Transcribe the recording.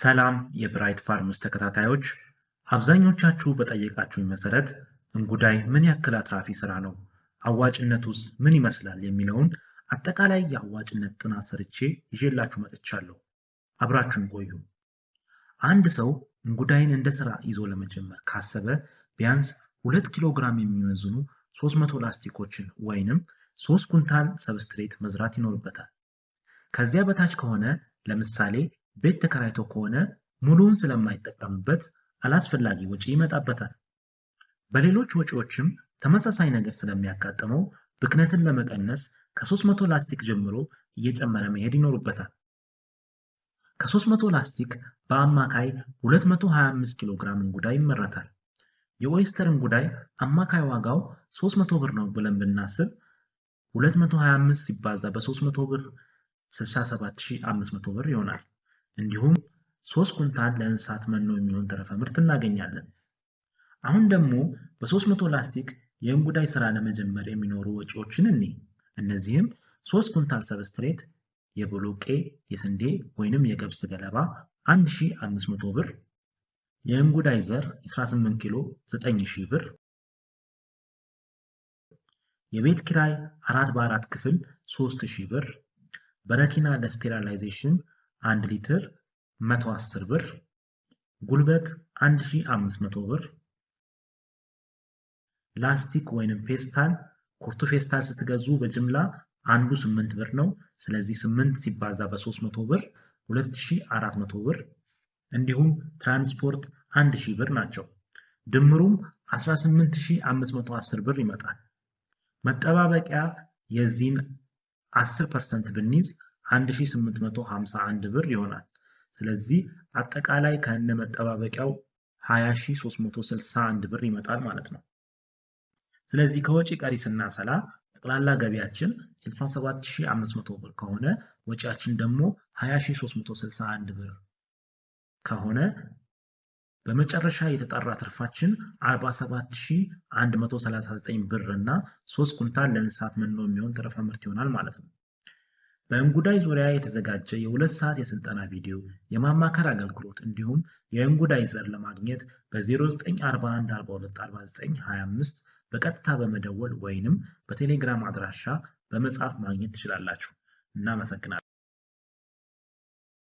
ሰላም የብራይት ፋርምስ ተከታታዮች፣ አብዛኞቻችሁ በጠየቃችሁኝ መሰረት እንጉዳይ ምን ያክል አትራፊ ስራ ነው፣ አዋጭነቱስ ምን ይመስላል የሚለውን አጠቃላይ የአዋጭነት ጥናት ሰርቼ ይዤላችሁ መጥቻለሁ። አብራችሁን ቆዩ። አንድ ሰው እንጉዳይን እንደ ስራ ይዞ ለመጀመር ካሰበ ቢያንስ ሁለት ኪሎ ግራም የሚመዝኑ 300 ላስቲኮችን ወይንም 3 ኩንታል ሰብስትሬት መዝራት ይኖርበታል። ከዚያ በታች ከሆነ ለምሳሌ ቤት ተከራይቶ ከሆነ ሙሉውን ስለማይጠቀምበት አላስፈላጊ ወጪ ይመጣበታል። በሌሎች ወጪዎችም ተመሳሳይ ነገር ስለሚያጋጥመው ብክነትን ለመቀነስ ከ300 ላስቲክ ጀምሮ እየጨመረ መሄድ ይኖርበታል። ከ300 ላስቲክ በአማካይ 225 ኪሎ ግራም እንጉዳይ ይመረታል። የኦይስተር እንጉዳይ አማካይ ዋጋው 300 ብር ነው ብለን ብናስብ 225 ሲባዛ በ300 ብር 67500 ብር ይሆናል። እንዲሁም ሶስት ኩንታል ለእንስሳት መኖ የሚሆን ተረፈ ምርት እናገኛለን። አሁን ደግሞ በ300 ላስቲክ የእንጉዳይ ስራ ለመጀመር የሚኖሩ ወጪዎችን እኔ እነዚህም ሶስት ኩንታል ሰብስትሬት የቦሎቄ የስንዴ ወይንም የገብስ ገለባ 1500 ብር፣ የእንጉዳይ ዘር 18 ኪሎ 9000 ብር፣ የቤት ኪራይ 4 በ4 ክፍል 3000 ብር፣ በረኪና ለስቴራላይዜሽን 1 ሊትር 110 ብር፣ ጉልበት 1500 ብር፣ ላስቲክ ወይንም ፌስታል ኩርቱ ፌስታል ስትገዙ በጅምላ አንዱ 8 ብር ነው። ስለዚህ 8 ሲባዛ በ300 ብር 2400 ብር እንዲሁም ትራንስፖርት 1000 ብር ናቸው። ድምሩም 18510 ብር ይመጣል። መጠባበቂያ የዚህን 10 ብንይዝ 1851 ብር ይሆናል። ስለዚህ አጠቃላይ ከነ መጠባበቂያው 20361 ብር ይመጣል ማለት ነው። ስለዚህ ከወጪ ቀሪ ስናሰላ ጠቅላላ ገቢያችን 67500 ብር ከሆነ ወጪያችን ደግሞ 20361 ብር ከሆነ በመጨረሻ የተጣራ ትርፋችን 47139 ብር እና 3 ኩንታል ለእንስሳት መኖ የሚሆን ተረፈ ምርት ይሆናል ማለት ነው። በእንጉዳይ ዙሪያ የተዘጋጀ የሁለት ሰዓት የስልጠና ቪዲዮ፣ የማማከር አገልግሎት እንዲሁም የእንጉዳይ ዘር ለማግኘት በ0941424925 በቀጥታ በመደወል ወይንም በቴሌግራም አድራሻ በመጻፍ ማግኘት ትችላላችሁ። እናመሰግናለን።